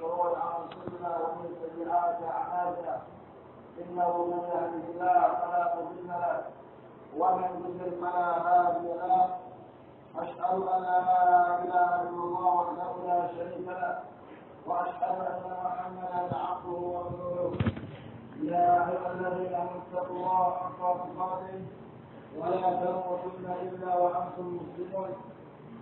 شرور انفسنا ومن سيئات اعمالنا انه من يهده الله فلا مضل له ومن يضلل فلا هادي له اشهد ان لا اله الا الله وحده لا شريك له واشهد ان محمدا عبده ورسوله يا ايها الذين امنوا اتقوا الله حق تقاته ولا تموتن الا وانتم مسلمون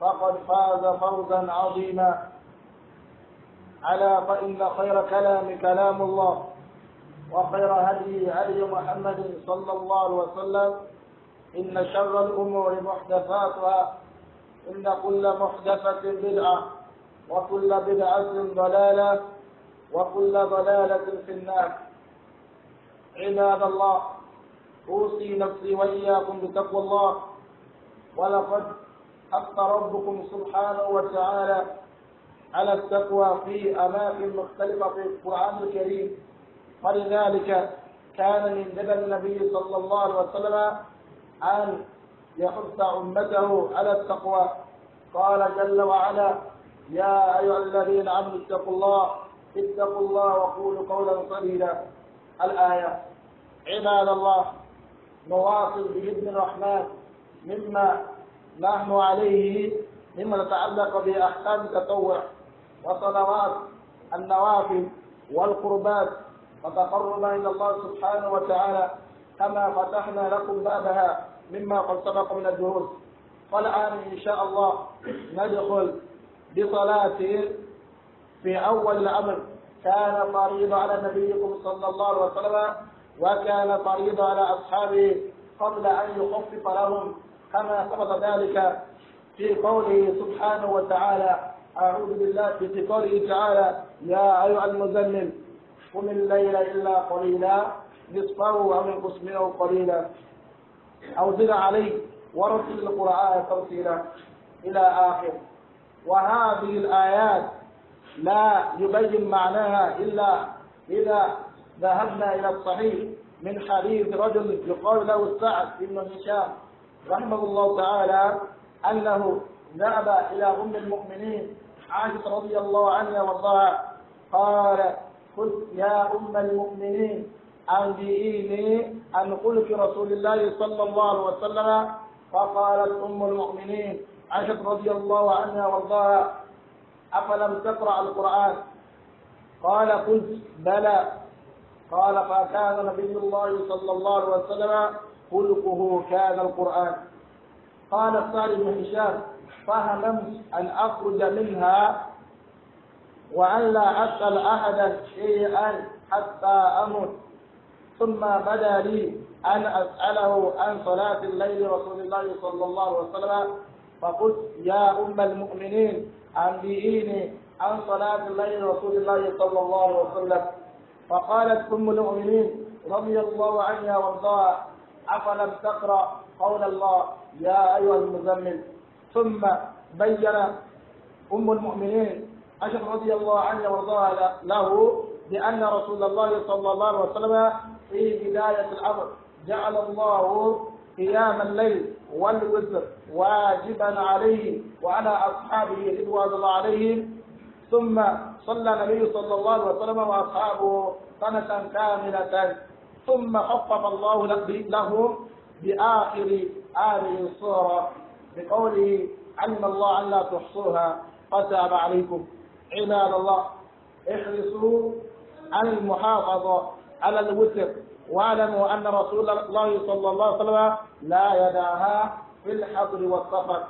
فقد فاز فوزا عظيما على فإن خير كلام كلام الله وخير هدي هدي محمد صلى الله عليه وسلم إن شر الأمور محدثاتها إن كل محدثة بدعة وكل بدعة ضلالة وكل ضلالة في النار عباد الله أوصي نفسي وإياكم بتقوى الله ولقد حق ربكم سبحانه وتعالى على التقوى في أماكن مختلفة في القرآن الكريم ولذلك كان من لدى النبي صلى الله عليه وسلم أن يحث أمته على التقوى قال جل وعلا يا أيها الذين آمنوا اتقوا الله اتقوا الله وقولوا قولا سديدا الآية عباد الله نواصل بإذن الرحمن مما نحن عليه مما يتعلق بأحكام التطوع وصلوات النوافل والقربات وتقربا إلى الله سبحانه وتعالى كما فتحنا لكم بابها مما قد سبق من الدروس فالآن إن شاء الله ندخل بصلاة في أول الأمر كان فريضة على نبيكم صلى الله عليه وسلم وكان فريضة على أصحابه قبل أن يخفف لهم كما ثبت ذلك في قوله سبحانه وتعالى أعوذ بالله في قوله تعالى يا أيها المزمل قم الليل إلا قليلا نصفه أو انقص منه قليلا أو زد عليه ورتل القرآن ترتيلا إلى آخر وهذه الآيات لا يبين معناها إلا إذا ذهبنا إلى الصحيح من حديث رجل يقال له السعد بن هشام رحمه الله تعالى أنه ذهب إلى أم المؤمنين عائشة رضي الله عنها وارضاها قال قلت يا أم المؤمنين أنبئيني أن قلت رسول الله صلى الله عليه وسلم فقالت أم المؤمنين عائشة رضي الله عنها وارضاها أفلم تقرأ القرآن قال قلت بلى قال فكان نبي الله صلى الله عليه وسلم خلقه كان القرآن قال الصالح بن هشام فهممت أن أخرج منها وأن لا أسأل أحدا شيئا حتى أموت ثم بدا لي أن أسأله عن صلاة الليل رسول الله صلى الله عليه وسلم فقلت يا أم المؤمنين أنبئيني عن صلاة الليل رسول الله صلى الله عليه وسلم فقالت أم المؤمنين رضي الله عنها وارضاها أفلم تقرأ قول الله يا أيها المزمل ثم بين أم المؤمنين عشر رضي الله عنه وارضاها له بأن رسول الله صلى الله عليه وسلم في بداية الأمر جعل الله قيام الليل والوزر واجبا عليه وعلى أصحابه رضوان الله عليهم ثم صلى النبي صلى الله عليه وسلم وأصحابه سنة كاملة ثم خطب الله لهم بآخر هذه الصورة بقوله علم الله أن لا تحصوها فتاب عليكم عباد الله احرصوا على المحافظة على الوتر واعلموا أن رسول الله صلى الله عليه وسلم لا يداها في الحضر والسفر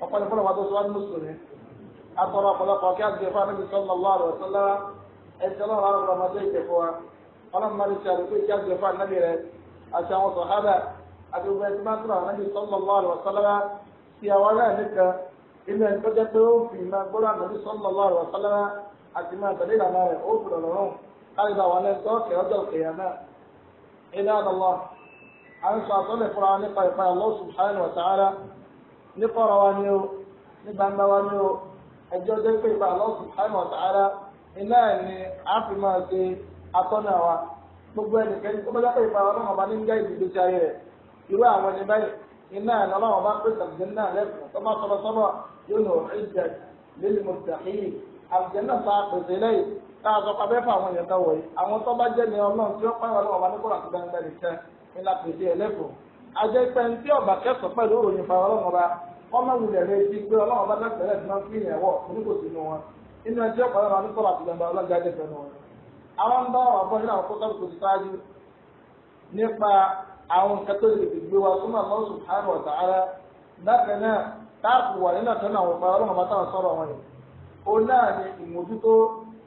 وقال يقول هذا سؤال مسلم أترى قلقا كان النبي صلى الله عليه وسلم إن شاء الله رمضان ala ní sàrò bụ ìjà jẹ fún anábì rẹ àti àwọn sọ̀hábà àti gbogbo ẹni tó bá tọrọ anábì sallallahu alaihi wasallam ti àwọn aráàlú kan inú ẹni tó jẹ pé ó fi máa gbọ́dọ̀ anábì sallallahu alaihi wasallam àti máa tẹ̀lé ìlànà rẹ̀ ó fi káyọ̀ tó kẹ̀ ọjọ́ kẹ̀yà náà ilé àdàlọ́ sọ atọ́nà wa gbogbo ẹnìkẹ́ni tó bá dápẹ́ ìpara ọlọ́run ọba ní gá ìdìbò ti ayé rẹ̀ irú àwọn ẹni báyìí iná ẹ̀ lọ́wọ́ náà lẹ́kùn tó bá sọ́bọ̀ sọ́bọ̀ yóò nù ìjẹ́ lílì náà sá pèsè lẹ́yìn tá a sọ pa bẹ́ẹ̀ fún àwọn èèyàn tó wọ̀nyí àwọn tó bá ọba pèsè ẹlẹ́kùn pẹ́ ń tí ọba kẹsàn àwọn ń bá ọ̀rọ̀ bọ́ nínú àwọn kókó tó ti ṣáájú nípa àwọn nǹkan gbé wa súnmọ́ Allah subhanahu wa ta'ala bákan náà táàkù wà nínú àtọ́nà àwọn ọ̀pá ọlọ́run bá táwọn sọ̀rọ̀ wọn yìí ó náà ní ìmójútó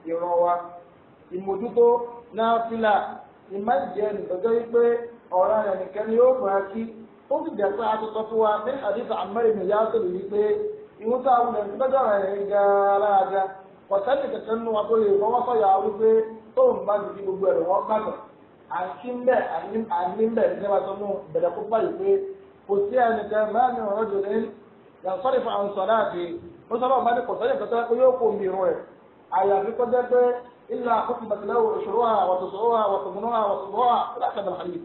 ìran wa ìmójútó náà fìlà ìmájẹ́ nìtọ́jọ́ wípé ọ̀rọ̀ rẹ̀ nìkan ni ó máa kí ó sì jẹ́ pé aṣọ fún wa ní àdìsọ àmọ́rin mi yá sọ̀rọ̀ wípé ìwọ́n tó àwọn ẹ̀ńtọ́jọ́ rẹ̀ ń ga tóun bá ti di gbogbo ẹ̀rọ wọn gbàgbọ́ àti ń bẹ̀ àní ń bẹ̀ nígbà tó mú bẹ̀rẹ̀ kó báyìí pé kò sí ẹni tẹ mẹ́rin ọ̀rọ̀ jù ní yàtọ̀rì fún àwọn sọ̀rọ̀ àti ó sọ̀rọ̀ ọba ní kò sọ́yìn kẹta ó yóò kó mìíràn rẹ̀ àyàfi kó jẹ́ pé ilà àkókò bàtìlẹ̀ òṣòro à wàtòṣòro à wàtòmùnú à wàtòmùnú à látàdà àlè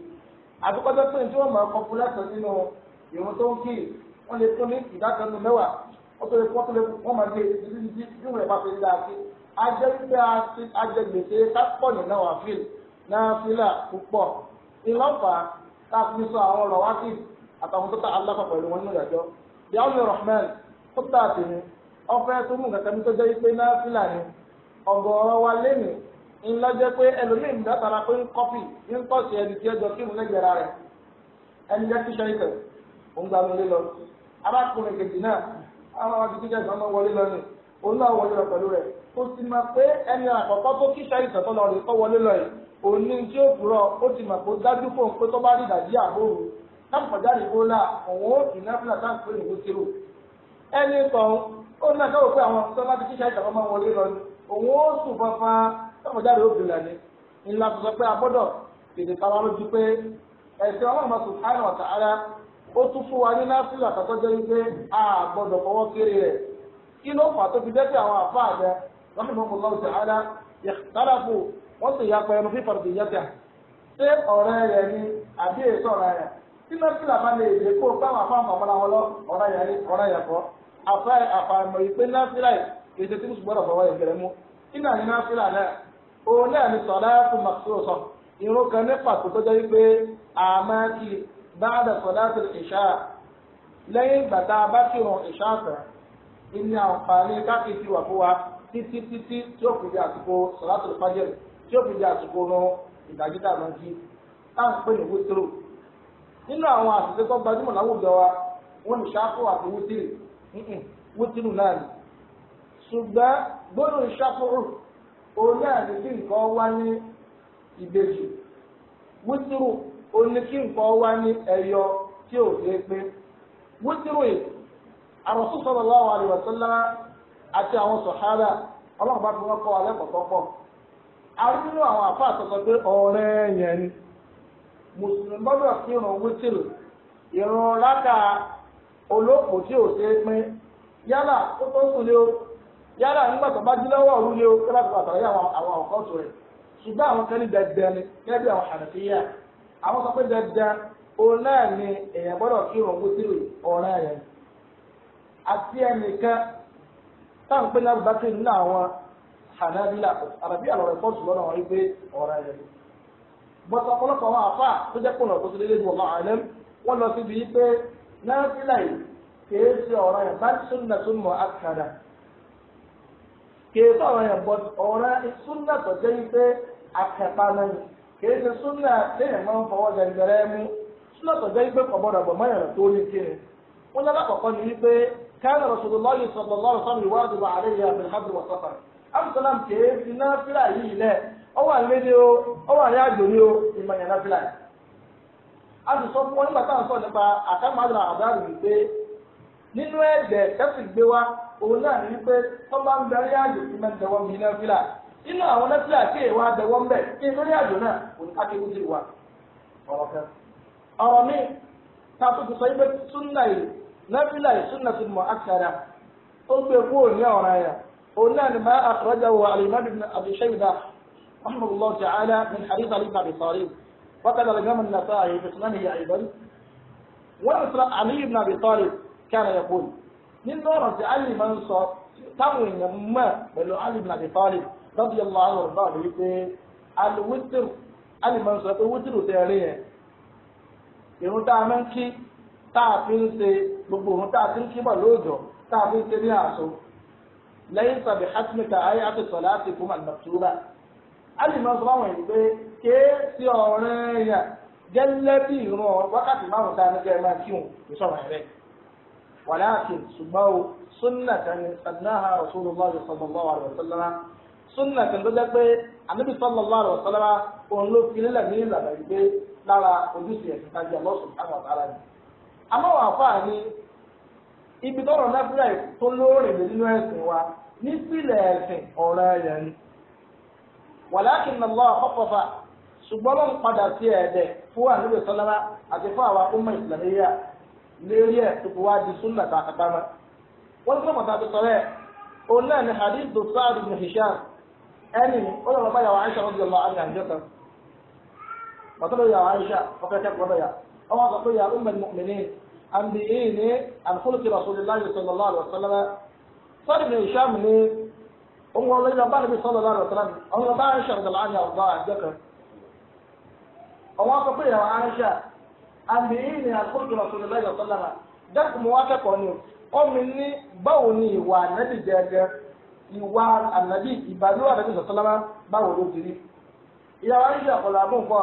àfi kó jẹ́ pé tí wọ́n mọ̀ ọkọ̀ fúlẹ̀ ọtọlẹ kọtọlẹ wọn máa gbé títí tí yóò rẹ bá fi dáa sí ajẹ gbígbé ajẹgbèsè kápọ̀nì náà wà fíl náà fílà púpọ̀ ìlọ́fà káàkiri sọ àwọn ọ̀rọ̀ wákì àtàwọn tó ta aláfà pẹ̀lú wọn nínú ìdájọ́ yàrá rahman tó tà tèmi ọfẹ́ tó mú nǹkan tó jẹ́ pé náà fílà ni ọ̀gọ̀ọ̀rọ̀ wa lẹ́nu ńlá jẹ́ pé ẹlòmíín dátara pé ń kọ́pì ń tọ́sí ẹni tí ẹjọ́ kí mo lẹ́gbẹ̀ẹ́ rẹ̀ ẹni jẹ́ kíṣẹ́ ìtẹ̀ òun gbà mí lé lọ arákùnrin kejì náà àwọn abidjan kan máa wọlé lọ ni òun náà wọlé lọ pẹ̀lú rẹ̀ ó ti máa pé ẹni àkọ́kọ́ tó kí ṣàìsàn tó lọ rè kọ́ wọlé lọ yìí òun ní tí ó kúrọ̀ ó ti mà kó dájú fóun pé tó bá rí ìdajì àbóhùn táǹpọ̀já rè kó là òun ó kì í náfìlà táǹpì rè kó tìrò ẹni tọ̀hún ó ní àjọwò pé àwọn tó bá ti kí ṣàìsàn máa wọlé lọ ni òun ó sùn fanfan táǹpọ̀já rè ó bìlà ni ńlá sọ pé a tètè tara lójú pé ẹ̀sìn ọlọ́run ó tún fún wa ní náfìlà kọ́kọ́ jẹ́ wípé a gbọ́dọ̀ fọwọ́ kéré rẹ̀ kí ló fà tó fi jẹ́ pé àwọn àfa àgbẹ̀ rahimahullahu ta'ala ikhtalafu wọ́n sì ya pẹ̀lú fífà tó yẹ ṣé ọ̀rẹ́ rẹ̀ ni àbí èso ọ̀rẹ́ rẹ̀ bá lè dé kó wọn lọ ọ̀rẹ́ yẹn ni ọ̀rẹ́ yẹn kọ́ ìpè ètò tí mo sì بعد صلاة ìṣá لين ìgbà tá a bá kírun ìṣá tán تي تي تي تي، fún wa títí صلاة الفجر، ó fi di àsìkò sọ̀láṣì fájẹ̀ tí ó fi di àsìkò nu ìdájídà máa ń kí tá à ń pè ní wútírù nínú àwọn àṣìṣe tó gbajúmọ̀ láwùjọ wa wọ́n ní ṣáfù àti wútírì wútírù náà ni ṣùgbọ́n gbọ́dọ̀ ṣáfù òun náà ní kí nǹkan wá ní ìbejì wútírù ó ní kí nǹkan wá ní ẹyọ tí ò lè pé wítírù yìí àròsùn sallallahu alaihi wasallam àti àwọn sọ̀hárà ọlọ́run bá fi wọ́n kọ́ alẹ́ pọ̀pọ̀ pọ̀ arúgbó àwọn àfa àtọ̀tọ̀ pé ọ̀rẹ́ yẹn ni mùsùlùmí gbọ́dọ̀ wítírù rákà tí ò ṣe é yálà ó tó sùn o yálà nígbà tó bá òru o kí wọ́n ti pàtàkì àwọn àwọn àwọn àwọn àwọn sọ pé dandan òun náà ni èèyàn gbọ́dọ̀ kí irun wítìrì ọ̀rẹ́ rẹ̀ àti ẹnìkan táwọn pé náà bàbá kiri nínú àwọn Hanabila àbàbí àlọ́rẹ̀ pọ̀ jùlọ náà wọ́n wípé ọ̀rẹ́ rẹ̀ bọ́tà ọ̀pọ̀lọpọ̀ àwọn àfà tó jẹ́ pọ̀nà tó ti lé lẹ́nu ọ̀la àlẹ́ wọ́n lọ síbi yí pé náà fílà yìí kìí ṣe ọ̀rẹ́ yẹn bá súnà tó mọ̀ àkàrà kìí ṣe ọ̀rẹ́ yẹn bọ́t ọ̀rẹ́ súnà tó jẹ́ yí pé náà kìí ṣe sunna téèyàn máa ń fọwọ́ gẹ̀gẹ̀rẹ́ mú súnà tó jẹ́ pé kò gbọ́dọ̀ bọ̀ mọ́yàn tó ní kí ni. wọ́n lára kọ̀kọ́ ni wípé káàní Rasulullahi sallallahu alaihi wa sallam àlẹ́yà abdulhadu wa yi ile kìí fi náfìlà yìí lẹ̀ ọ wà o o a òun náà ní nínú àwọn nọ́tìlá tí èèwà abẹ́wọ́ ń bẹ̀ kí n lórí àjò náà oníkàkéwù ti wà ọ̀rọ̀ kan. ọ̀rọ̀ mi ta tó ti sọ yí pé súnà yìí nọ́tìlá yìí súnà ti mọ̀ àkàrà ó gbé kú òní ọ̀rọ̀ yẹn òní àni máa àkàràjà wọ alimadu abi shayba rahmatulah ta'ala min hadith ali ibn abi talib وقد الإمام النسائي في سننه أيضا علي بن أبي كان يقول من نورة علي منصور تروي ما بل بن أبي lọ́dún yẹn lọ́wọ́ àwọn ọ̀rọ̀ náà wípé aliwítìrù alimọ̀ sọ pé wítìrù tẹ̀ rí yẹn ìrun tá a máa ń kí tá a fi ń ṣe gbogbo ìrun tá a ti ń kí bọ̀ lóòjọ́ tá a fi ń ṣe ní àṣọ lẹ́yìn sàbí hásmìkà ayé àtẹ̀sọ̀ láti fún àgbàtúrà alimọ̀ sọ fáwọn yìí pé kéé ọ̀rẹ́ yẹn gẹ́lẹ́ bí ìrun wákàtí márùn-ún tá a ní kẹ́ ẹ máa kí òun ìṣọ̀rọ̀ rẹ̀ wàláàkì ṣùgbọ́n o súnnà tani sàdúnà rasulullah sallallahu alaihi súnà kan tó jẹ́ pé ànábì sallallahu alaihi wasallam òun ló fi lélẹ̀ ní ìlànà ìgbé lára ojúṣe ẹ̀sìn tajà lọ́sùn táwọn ni. ibi tọrọ náfíà tó lóòrìn lè nínú ẹ̀sìn wa nípìnlẹ̀ ẹ̀sìn ọ̀rọ̀ ẹ̀yẹ ni. walakin Allah khaffafa ṣùgbọ́n ló ń padà sí ẹ̀ẹ́dẹ̀ fún ẹni ó lọ bá yàwó àyíṣà lọ́dún lọ àmì àjọ kan bàtà lọ yàwó àyíṣà ọkọ ẹkẹkọọ bẹyà ọmọ sọ pé yà ọmọ mọmìnì àmì èyí ni ànkúlùkì rasulillahi sallallahu alaihi wasallam sọ́ọ̀dì ní ìṣàmù ni òun wọn lọ́yìn lọ́ba níbi sallallahu alaihi wasallam ọ̀hún lọ́ba àyíṣà lọ́dún àmì àjọ kan ọmọ sọ pé yàwó àyíṣà àmì èyí ni ànkúlùkì rasulillahi sallallahu alaihi wasallam ìwà ànábì ìbàdúrà ànábì sọ̀tọ́lámá báwo ló ti rí ìyàwó ń jẹ́ ọ̀pọ̀lọ̀ àbúǹkọ́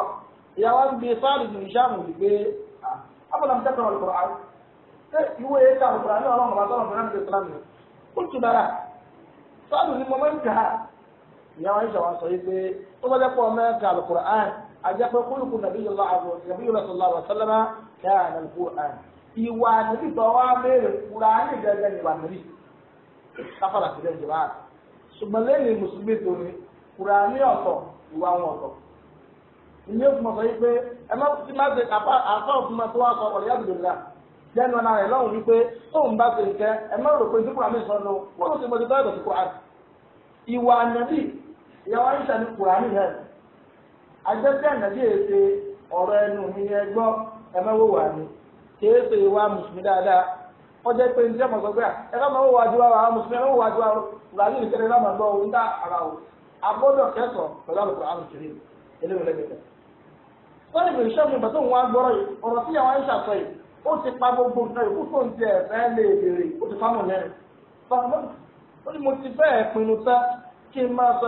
ìyàwó ń gbé sáàlì ní ìṣàmù wípé abúlàmù tẹ́tọ̀ ọ̀lùkọ̀rọ̀ àrùn ṣé ìwé ẹ̀ka ọ̀lùkọ̀rọ̀ àrùn ọlọ́run ọba tọ́lọ̀ fẹ́ràn ìgbésọ̀lá mi ó tù dára sáàlì ní mọ́mọ́ ìyàwó ń sọ wípé ó bá mẹ́ta káfàlà sílẹ̀ ìjọba àná ṣùgbọ́n lẹ́yìn mùsùlùmí tó ní kùránì ọ̀tọ̀ ìwà wọn ọ̀tọ̀ ìní òfin ọ̀sọ̀ yìí ẹ má ti má ṣe àpá òfin tó wá sọ ọ̀rẹ́ àdùdùlá jẹ́nu ara rẹ̀ lọ́hùn wípé tóun bá ṣe ìkẹ́ ẹ má rò pé ní ló ti mọ̀ ti tọ́ ẹ̀dọ̀ ìwà ìyàwó yẹn ọ̀rọ̀ ẹnu mi ẹ ọjọ́ ìpè ní sẹ́mọ̀ sọ pé gaa máa ń wájú wa mùsùlùmí ẹ máa ń wájú ara brazil kẹrẹ náà máa ń ohun ara o agbọ́dọ̀ kẹsàn pẹ̀lú àlùkò àrùn kiri eléwé sọ́ni ìgbè sọ́ọ̀mù ìgbà tó wá gbọ́rọ̀ yìí ọ̀rọ̀ tí àwọn yìí ó ti pa gbogbo nǹkan tó ń ẹ̀fẹ́ lè ó ti fámù lẹ́rìn. ó ní mo ti pinnu tán kí n máa sọ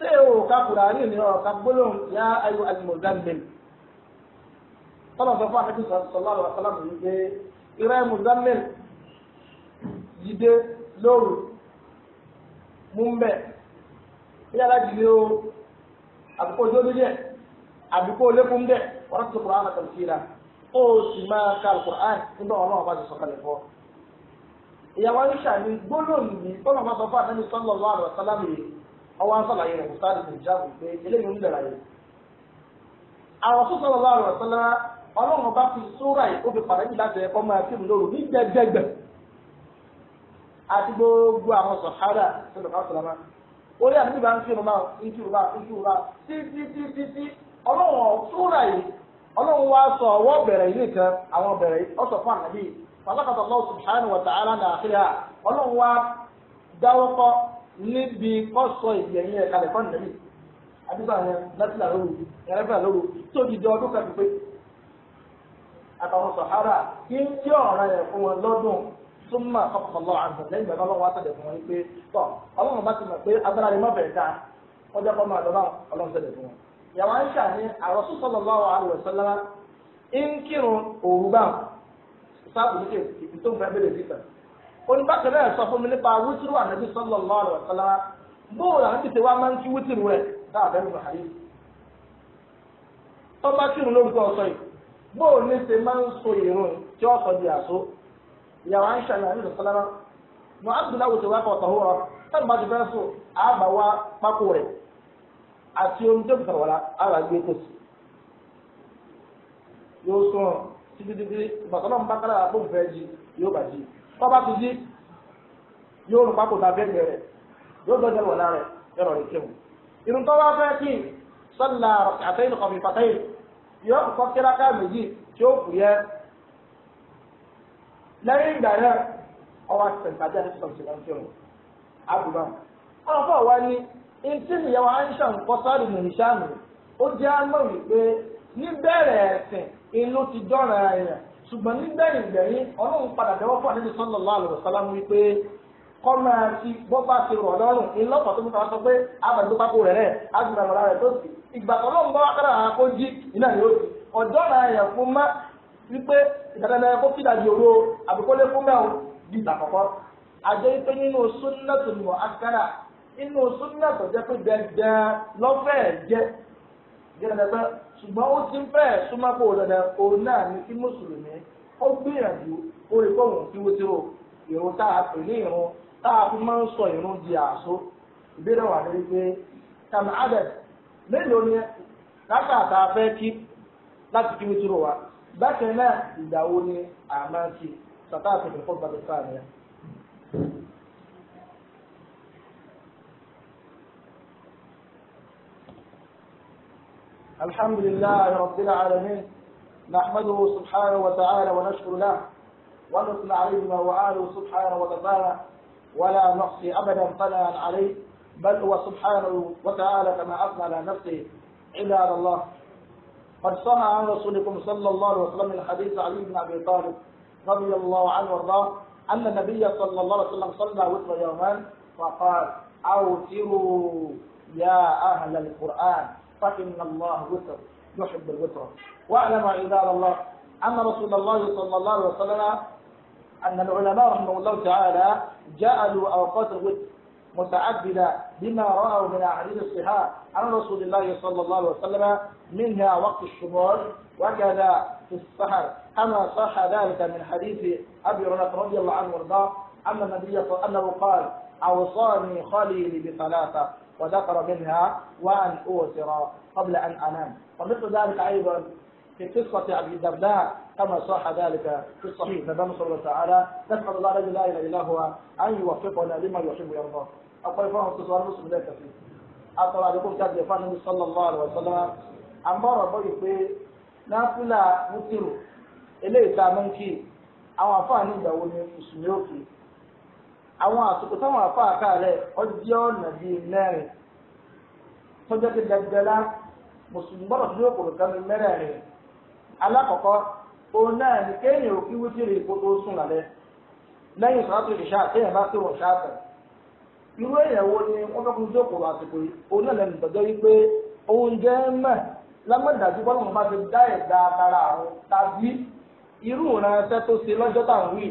ṣé o ka kùránì ni ọ ka gbólóhùn ya ayo alimọ̀zánmẹ́lì tọ́lọ̀ sọ fún àkàtì yìí pé ìrẹ́ mọ̀zánmẹ́lì jíde lóru mú mbẹ́ o àbíkó ojú olóyè àbíkó kan sí ó sì máa ka kùránì nígbà wọn náà bá ti sọ̀kalẹ̀ fọ́ ni gbólóhùn yìí yìí ọwọ́ sàlàyé na mùsáàdì tó jáàbù pé eléyìí ń lẹ̀ra a àwọn sọ́sọ́ lọ́wọ́ àrùn ọ̀sánlá ọlọ́run fi sóra yìí ó fi pàtàkì láti ẹ̀kọ́ máa fi mú lóru gbogbo àwọn sọ̀hárà sọ̀rọ̀ ká sọ̀rọ̀ máa orí àti bá ń fi rúmà ń sọ níbi kọ́sọ̀ ìgbẹ̀yìn ẹ̀ka lẹ̀kọ́ nìyẹn àdúgbò yẹn lẹ́tìlá lóru ẹ̀rẹ́fẹ̀ lóru tó di di ọdún kan pípé àtàwọn sọ̀hárà kí ń tí ọ̀ràn yẹn fún wọn lọ́dún súnmọ́ àkọ́kọ̀lọ́ àgbọ̀n lẹ́yìn ìgbà lọ́wọ́ fún wọn pé tọ́ ọlọ́run bá ti mọ̀ pé agbára ni mọ́fẹ̀ẹ́ dáa wọ́n jẹ́ kọ́ máa lọ́wọ́ ọlọ́run tẹ̀lé fún wọn. yàrá ń ṣàní àròsù sallallahu alaihi wasallam ń kírun òru oníbàtà náà sọ fún mi nípa wútúrú ànábì sallallahu alaihi wasallam bóòlù àti tètè wá máa ń kí wútúrú rẹ̀ dáa bẹ́ẹ̀ nù àyè tó bá kírun lórúkọ ọ̀sọ́ yìí bóòlù ní ṣe so tí ó sọ di àṣọ ìyàwó àìsàn náà àdìsọ sọlá náà mọ abdullahi wòtò wá kọ̀ọ̀tọ̀ hó rọ sẹ́nu bá ti fẹ́ sùn àbá wá pákó rẹ̀ àti ohun tó gbé kò sí yóò títí tọ́ba ti jí yóò rún pákó tàbí ẹgbẹ́ rẹ̀ yóò dọ́jẹ́ wọ̀ lára yọ̀rọ̀ rẹ̀ kéwù. irun tọ́ba fẹ́ kí sọ́là àtẹ́yìn kọ̀ọ̀mì pàtẹ́yìn yóò kọ́ kíráká méjì tí ó kù yẹ. lẹ́yìn ìgbà rẹ̀ ọwọ́ àtẹ̀síntàjẹ́ àti sọ̀tìmọ̀tìmọ̀ àbùbá. àwọn fún ọ̀wá ni ntí nìyẹn wa ń ṣàn kọ́ sáré nìyí ó jẹ́ àmọ́ wípé níbẹ̀rẹ̀ ẹ̀sìn inú ti dọ́ràn ẹ̀yàn ṣùgbọ́n nígbẹ̀yìn gbẹ̀yìn ọlọ́run padà dẹ́wọ́ fún àdébí sallallahu alaihi wasallam wípé kọ́ máa ti bọ́ bá ti rọ̀ lọ́rùn ìlọ́pọ̀ tó ń fa sọ pé abàdúgbò pápó rẹ̀ rẹ̀ agbègbè rẹ̀ tó sì ìgbà tó bá wá kára jí iná ni di ọjọ́ náà yẹ fún má wípé jẹ́nàdàgbà ṣùgbọ́n ó ti ń fẹ́ súnmọ́pọ̀ dandan òun náà ni kí mùsùlùmí ó gbìyànjú ó rí pọ̀ wọ́n kíwó tí ìrún tá fi máa ń sọ ìrún di àṣọ ìbéèrè wà lórí pé tam adad mélòó ni látàtà fẹ́ kí láti kíwó tí ó wà bákan náà ìgbà wo ni àmà kí sàtà الحمد لله رب العالمين نحمده سبحانه وتعالى ونشكر له ونثنى عليه ما هو اهله سبحانه وتعالى ولا نحصي ابدا ثناء عليه بل هو سبحانه وتعالى كما اثنى على نفسه عباد الله قد صنع عن رسولكم صلى الله عليه وسلم من حديث علي بن ابي طالب رضي الله عنه وارضاه ان النبي صلى الله عليه وسلم صلى وتر يومان فقال اوتروا يا اهل القران فإن الله وتر يحب الوتر واعلم عباد الله أن رسول الله صلى الله عليه وسلم أن العلماء رحمه الله تعالى جعلوا أوقات الوتر متعددة بما رأوا من أحاديث الصحاح عن رسول الله صلى الله عليه وسلم منها وقت الشمال وكذا في السحر كما صح ذلك من حديث أبي هريرة رضي الله عنه وارضاه أن النبي صلى الله عليه وسلم قال أوصاني خليلي بثلاثة وذكر منها وأن اوثر قبل أن أنام ومثل ذلك أيضا في قصة أبي الدرداء كما صح ذلك في الصحيح نبي صلى الله عليه وسلم نسأل الله الذي لا إله إلا هو أن يوفقنا لما يحب ويرضى أقول فهم اختصار مسلم ذلك فيه أقول أقول كذب يفعل النبي صلى الله عليه وسلم امر bọ́ ìpè náfúlà mútìrù eléyìí tá a mọ́ ń kí àwọn àsìkò táwọn afọ àkàlẹ̀ ọjọ́ ọ̀nà bíi mẹ́rin tọ́jọ́ ti dẹgbẹ́lá mùsùlùmí gbọ́dọ̀ tó yókùrù kánú mẹ́rẹ̀ẹ̀rin alákọ̀ọ́kọ́ òun náà ní kéèyàn ò kí wítìrì kó tó sùn lálẹ́ lẹ́yìn sọ́tò ìṣá téèyàn bá tó wọ̀n ṣáàtọ̀ irú èèyàn wo ni wọ́n fẹ́ kún tó kòrò àsìkò yìí òun náà lẹ́nu tọ́jọ́ wípé oúnjẹ mọ̀ lámọ̀dájú bọ́lá wọn bá ti dá ẹ̀dá ara àwọn tàbí irú ìrànṣẹ́ tó ṣe lọ́jọ́ táwọn wíì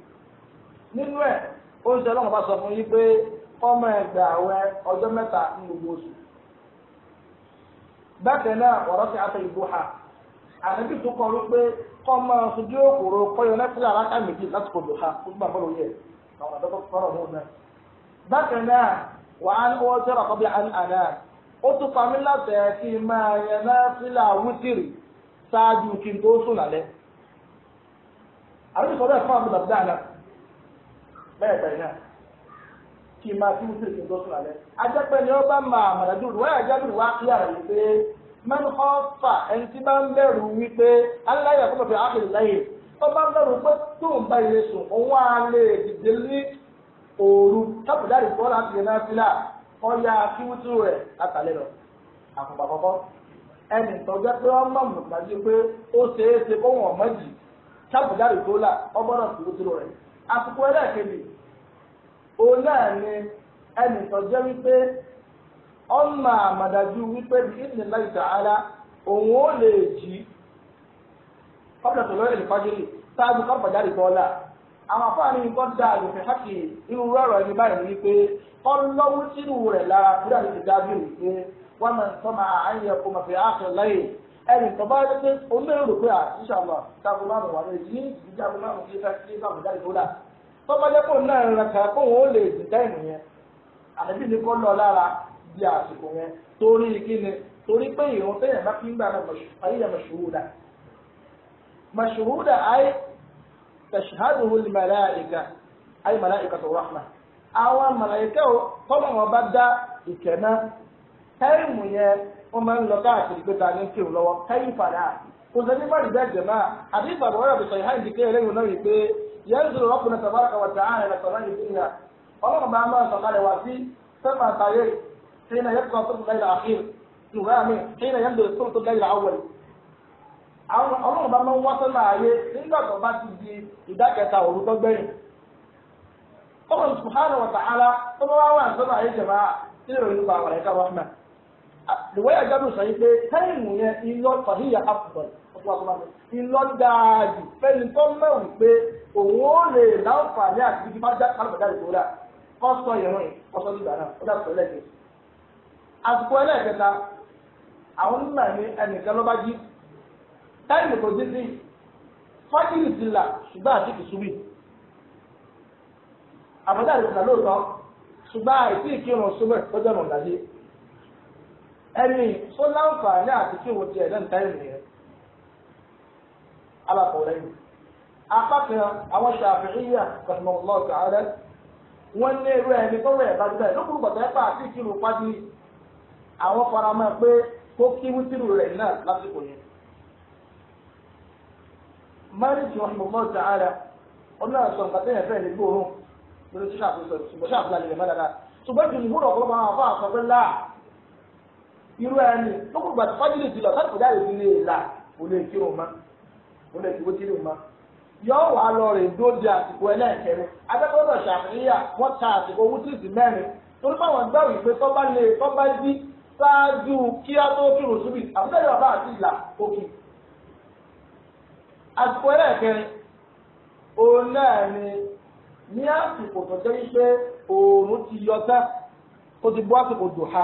nínú ẹ̀ ó ń sọ ọlọ́run bá sọ fún yín pé ọmọ ẹgbẹ́ àwẹ̀ ọjọ́ mẹ́ta ń gbogbo oṣù ha àtẹ̀bí tó kọ wípé kọ́ máa sojú òkòrò kọ́yọ lẹ́sílẹ̀ aláka méjì láti kò ha ó gbà bọ́lọ̀ yẹ àwọn àdókò kọ́rọ̀ mọ́ náà. bákan náà wà á ní owó tí ọ̀rọ̀ kọ́bí àná ó tún pa mí láti bẹ́ẹ̀ bẹ́ẹ̀ náà kí n máa fi wúsírì tó sùn ma wáyà jábìrì wá kí àrà yìí pé mẹ́nu ọ̀fà ẹni tí bá ń bẹ̀rù wípé lẹ́yìn ń bẹ̀rù pé tó ń bá ilé sùn òun á lè dìde ní òru náà kí rẹ̀ látàlẹ́ lọ. kọ́kọ́ ẹnì pé wọ́n mọ̀ mọ̀ pé ó ṣeé ṣe kó wọ́n mọ̀ jì akụkụ ẹlẹ́ẹ̀kejì òun náà ni ẹnì tó jẹ́ wípé ọmọ àmàdájú wípé bíbélì láì tààlà òun ó lè jí kọ́pìlà tó lọ́rẹ̀ ìfọ́jìlì sáájú kọ́pìlà bọ́ọ̀lá àwọn afáàní nǹkan da àgùnfẹ́ hákì irú ọrụ ẹni báyìí wípé ọlọ́wọ́ sínú rẹ̀ lára àti máa ń kó máa ẹnìkan bá yẹ pé òun náà rò pé àtúnṣe àmọ́ jago márùn wà lórí yìí ti jago márùn kí kí sáà mọ̀ jáde tó dà tọ́mọdé kò náà rẹ̀ kà lè lọ lára di àsìkò yẹn torí kí ni torí pé ìrún téèyàn bá fi ń gbà náà ayé tẹ̀síhádùn wọlé ayé àwọn bá dá yẹn wọ́n máa ń lọ káàkiri pé ta ni kí òun lọ́wọ́ kẹ́yìn fàdà kò sẹ́ni bá dìbẹ́ jẹ̀má ìgbàgbọ́ tabaraka ẹ̀rọ sọ̀rọ̀ yìí ọlọ́run bá máa wá sí sẹ́mà ọlọ́run bá máa lùwẹ́yà jábù sàyí pé táìmù yẹn ilọ́ fàhíyà àpùbọ̀ ilọ́ dáàjù fẹ́ni tó mẹ́wù pé òun ó lè láǹfààní àti ibi máa já kálùbọ̀dá ìgbòrà ọ̀sọ̀ ìrìn ọ̀sọ̀ nígbà náà ó dàpọ̀ lẹ́gbẹ̀ẹ́. àsìkò ẹlẹ́ẹ̀kẹta àwọn onímọ̀ ní ẹnìkan ló bá jí táìmù tó dé sí fájìlì ti là ṣùgbọ́n àti kìsúwì àbọ̀dá ìgbòrà ẹni tó láǹfààní àti kí wo tiẹ̀ lẹ́nu táyé nìyẹn alákọ̀ọ́rẹ́ yìí apákan àwọn ṣàfihàn kọ̀tùmọ̀ lọ́ọ̀tù ààrẹ wọ́n ní irú ẹni tó rẹ̀ bá jẹ́ lókùn gbọ̀dọ̀ ẹ̀pà àti ìkírun pàdé àwọn faramọ́ pé kó kí rẹ̀ náà lásìkò yẹn. nǹkan lórí ṣùgbọ́n irú ẹni lókùn gbàtí fájìlì ti lọ káàkiri jáde ti lè là kò lè kí òun má kò lè kí ó ti lè má yóò wá lọ rè dóde àsìkò ẹlẹ́ẹ̀kẹrin abẹ́kọ̀ọ́dọ̀ ṣàfihàn wọ́n ta àsìkò wútìsì mẹ́rin torí báwọn gbà wípé tọ́ba lè tọ́ba dí ṣáájú kí á tó kírun síbi àbúrò bàbá àti ìlà òkè àsìkò ẹlẹ́ẹ̀kẹrin òun náà ni ní àsìkò tó jẹ́ wípé òòrùn ti yọ tán ó ti bọ́ àsìkò dùn ha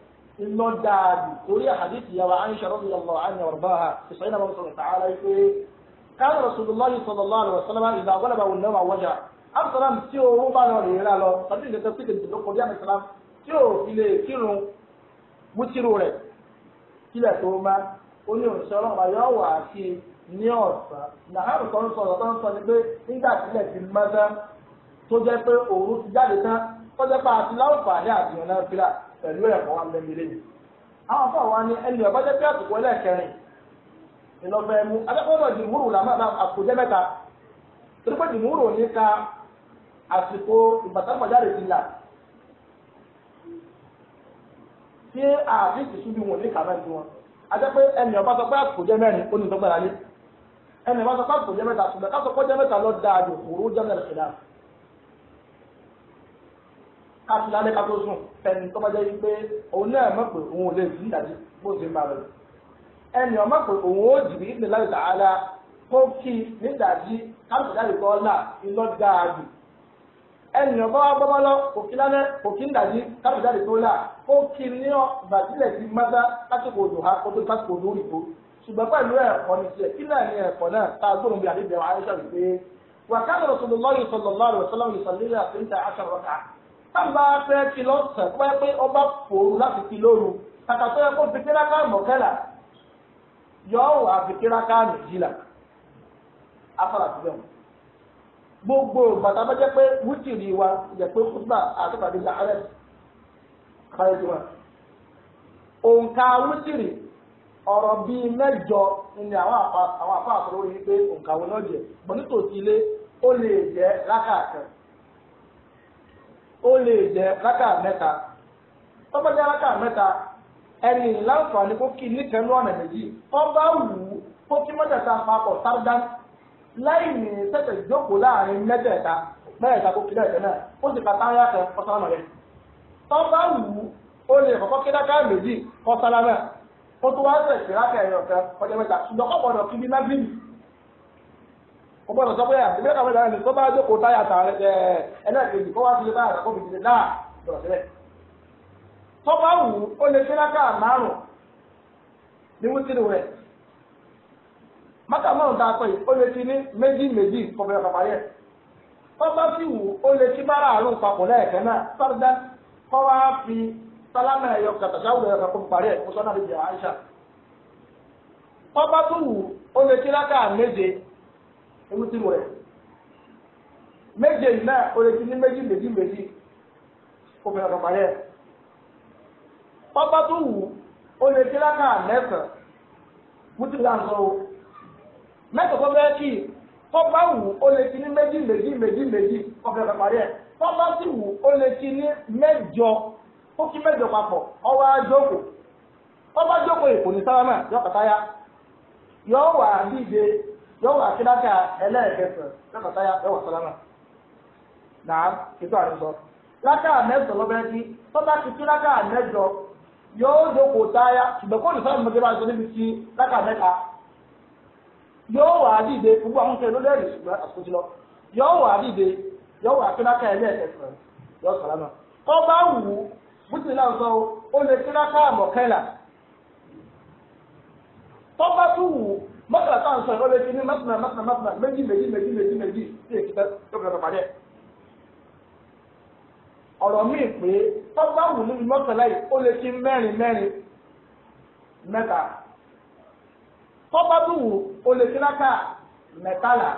ńlọ dáadì torí àhàdìsì yàrá àyíṣà rọ́bì ọlọ́ àyìn ọ̀rọ̀bá ha ìṣẹ́yìn náà sọ̀rọ̀ tààlà yìí pé káàdì rasulullahi sallallahu alaihi wasallam ìlà ọgọ́lẹ̀bà wò náà wájà absalam tí o ó bá lọ rè é lọ tàbí ìgbésẹ pípé tó kọjú àmì salam tí o fi lè kírun mútírù rẹ kílẹ̀ tó má ó ní òṣìṣẹ́ ọlọ́run ayọ́ wà á sí ní ọ̀sán nàhárù kan sọ̀rọ̀ ti mọ́ tán tó jẹ́ pé òru ti pẹ̀lú ẹ̀kọ́ wa lẹ́nu àwọn afọ àwọn ni ẹni ọba jẹ́ pé àtùkù ẹlẹ́ẹ̀kẹrin ìlọ́fẹ́ mu adẹ́kọ̀ọ́dọ̀ jùmúrù làmọ́ àkójẹ́ mẹ́ta torí pé jùmúrù ní ka àsìkò ìgbàtàkọ̀jáde ti là tí ààfin ti súnbí wọn ní kàmẹ́ ní wọn ẹni ọba sọ pé àkójẹ́ mẹ́rin ó ní ẹni ọba sọ pé àkójẹ́ mẹ́ta ṣùgbọ́n káàtì lálẹ́ ká tó sùn fẹ̀yìn tó bá jẹ́ wípé òun náà mọ̀ pé òun ò lè jí ìdájí bó ṣe ń bá rẹ̀ ẹnì ọmọ pé òun ó jì ní ìpínlẹ̀ láì tààlà kó kí ní ìdájí káàtì jáde kọ́ là iná dáa jù ẹnì ọmọ wa gbọ́ bọ́lọ́ kò kí lálẹ́ kò kí ìdájí káàtì jáde tó là kó kí ní bàtílẹ̀ sí mọ́tà lásìkò òdò ha kó tó lásìkò òdò òyìnbó ṣùgbọ́n pẹ̀lú ẹ̀kọ́ ní tiẹ̀ kí náà ní ẹ̀kọ́ náà tábà fẹ́ ti lọ́sàn tó yẹ pé ọba fòrú láti ti lóru kàkà tó yẹ kó fi kíráká mọ̀kẹ́là yọ wà fi kíráká méjìlá afárá ti bẹ̀rù gbogbo bàtà bá jẹ́ pé wútìrì wa jẹ́ pé kúgbà àtúntàdé làárẹ̀ kárẹ́ tiwa òǹkà wútìrì ọ̀rọ̀ bíi mẹ́jọ ni àwọn àpá àpá àpá àpá lórí pé òǹkà wọn náà jẹ bọ̀ ilé ó lè jẹ́ rákàtà. ó lè jẹ́ rákà mẹta tó bá jẹ́ rákà ẹni láǹfààní kó kí nítẹ̀ẹ́nú ọ̀nà méjì wọ́n wù ú kó kí mọ́tẹ̀ẹ̀ta papọ̀ sárdán láì ní sẹ́sẹ̀ jókòó láàrin mẹ́tẹ̀ẹ̀ta mẹ́tẹ̀ẹ̀ta kó kí náà ó sì ka táyà kẹ ọ̀sán rẹ̀ tó wù ú ó lè kọ́kọ́ kí méjì wá sẹ̀ sí mo gbọ́dọ̀ sọ pé à ìbílẹ̀ kàwé ìdáná ni tó bá jókòó táyà tà ẹ ẹnà kejì kó wá sílé báyà kó fi sílé náà gbọ́dọ̀ sílẹ̀. tó wù ú ó lè ṣe lákà márùn ní wútìrì rẹ̀ mákà márùn tá a pè ó lè ti ní méjì méjì kọ̀ọ̀bẹ̀rẹ̀ pàpà yẹ tó sì wù ó lè ti bára àrùn papọ̀ lẹ́ẹ̀kẹ́ náà sárdá kọ́ wá fi sálámà ẹ̀yọ kàtàkàwé ẹ̀ ewu ti nwere méje náà o lè ti ní méjì méjì méjì obìnrin ọ̀dọ̀ parí ẹ̀ pápá tó wù ó lè ti lákà án o án tó bẹ́ẹ̀ kì pápá wù ó ní méjì méjì méjì méjì yóò wà kíláàkà ẹlẹ́ẹ̀kẹsàn lọ́nà táyà yóò náà kíkọ́ àdúgbò lákà mẹ́sàn lọ́bẹ̀rẹ́ ti lákà mẹ́jọ yóò dókòó táyà ṣùgbọ́n kó bá sọ níbi tí lákà mẹ́ta yóò wà dìde gbogbo àwọn kẹrin ló lẹ́rìí ṣùgbọ́n àsìkò lọ yóò wà dìde yóò wà kíláàkà ẹlẹ́ẹ̀kẹsàn yóò mọ́tà tá à ń sọ ìwọ́n lé ti ní mọ́tà mọ́tà mọ́tà méjì méjì méjì méjì méjì sí èsì fẹ́ tó bẹ̀rẹ̀ pàdé. ọ̀rọ̀ míì pé tọ́gbà wù nínú mọ́tàlá yìí ó lè ti mẹ́rin mẹ́rin mẹ́ta tọ́gbà tó wù ó lè ti láka mẹ́tàlá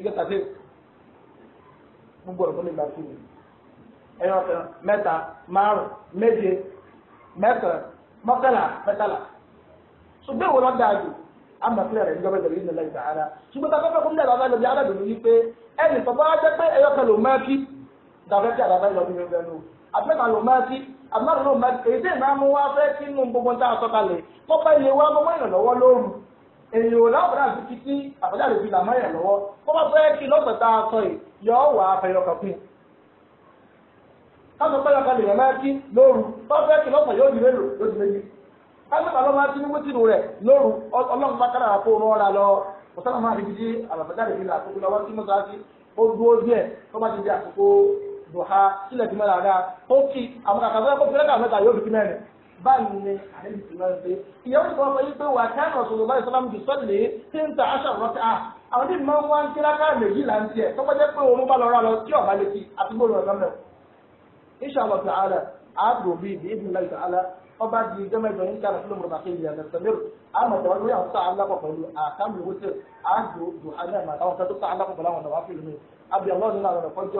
ìgbà tàbí gbogbo ọ̀rọ̀ tó lè gbà sí ẹ̀yọ́ kan mẹ́ta márùn méje mẹ́tàn mọ́kànlá mẹ́tàlá ṣùgbọ́n ìwọ àmà kílẹ̀ rẹ̀ níjọba ìgbàlódé nílẹ̀ ìtàhálà ṣùgbọ́n tá a fẹ́fẹ́ kún dàbà lọ́bi aládùn yìí pé ẹnì bàbá jẹ́ pé ẹyọ kan ló máa kí dàbẹ́ kí àdàbà ìlọ́bi yẹn fẹ́ lò àbẹ́ka ló máa kí àbẹ́ka ló máa kí èyí tẹ̀ máa mú wá fẹ́ kí nù gbogbo tá a sọ̀kalẹ̀ kọ́pá ilé wa gbogbo ìrànlọ́wọ́ lóru èyí ò láwọn náà fi kí àbájáde káfíńtà lọ́mọ ti ní wótìrù rẹ̀ lóru ọlọ́run bá kára àpò òun ọ̀la lọ mọ̀sálà máa fi jí àlàfẹ́jáde nílà àkókò lọ́wọ́ tí mọ́sáàsì ó dúró díẹ̀ tó bá ti di àkókò dùhà sílẹ̀ tí mẹ́ta dáa ó kí àwọn kàkà fún ẹgbẹ́ mẹ́ta yóò fi kí mẹ́rin báyìí ni àlejò ti máa ń ṣe ìyàwó ti sọ pé wà á kí àwọn ọ̀sọ̀rọ̀ báyìí sọ́lá mi sọ́lé tí ń ta aṣọ àrọ́tà á àwọn tí máa ń wá ń kí láká méjì là ń tiẹ̀ tó bá jẹ́ pé òun bá lọ rà lọ tí ọ̀bá lè fi àti gbọ́dọ̀ ọ̀gá mẹ́rin. insha Allah ta'ala àádùn bíi bíi ọba di ijó mẹ́jọ ní kára fúlùmù rẹ̀ bàtẹ́ ìyá mẹ́sàn-án àmọ̀ tẹ̀wá lórí àwọn sáà alákọ̀ pẹ̀lú àkàmì wọ́tẹ̀ àjò dùhánà àtàwọn tó sáà alákọ̀ pẹ̀lú àwọn nàwáfíìlì mi àbí àwọn ọ̀nà àwọn ọ̀nà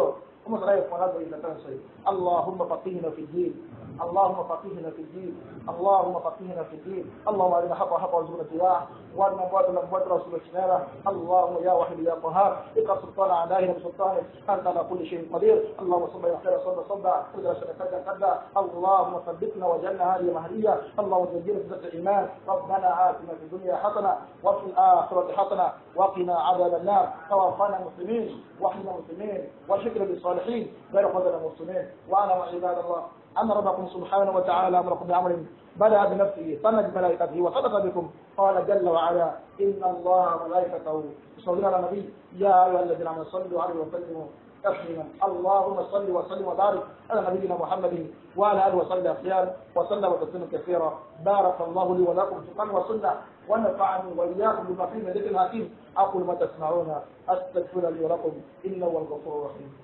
هم لا يفعلون كان تنصي اللهم فقهنا في الدين اللهم فقهنا في الدين اللهم فقهنا في الدين اللهم علينا حق حق وارزقنا اتباعه وارنا باطلا باطلا رسول اجتنابه اللهم يا وحيد يا قهار اقرا سلطان على الله نبي سلطان انت على كل شيء قدير اللهم صل على خير صلى صلى قدر سنه قد اللهم ثبتنا وجلنا هذه مهديه اللهم زينا بزكاه الايمان ربنا اتنا في الدنيا حسنه وفي الاخره حسنه وقنا عذاب النار توفنا مسلمين وحنا مسلمين وشكرا لصالح الصالحين بل قدر المرسلين وانا وعباد الله أن ربكم سبحانه وتعالى أمركم بأمر بدأ بنفسه صلت ملائكته وصدق بكم قال جل وعلا إن الله وملائكته يصلون على النبي يا أيها الذين آمنوا صلوا عليه وسلموا تسليما اللهم صل وسلم وبارك على نبينا محمد وعلى اله وصحبه اخيار وسلم تسليما كثيرا بارك الله لي ولكم في القران والسنه ونفعني واياكم بما فيه من ذكر الحكيم اقول ما تسمعون استغفر لي ولكم انه هو الغفور الرحيم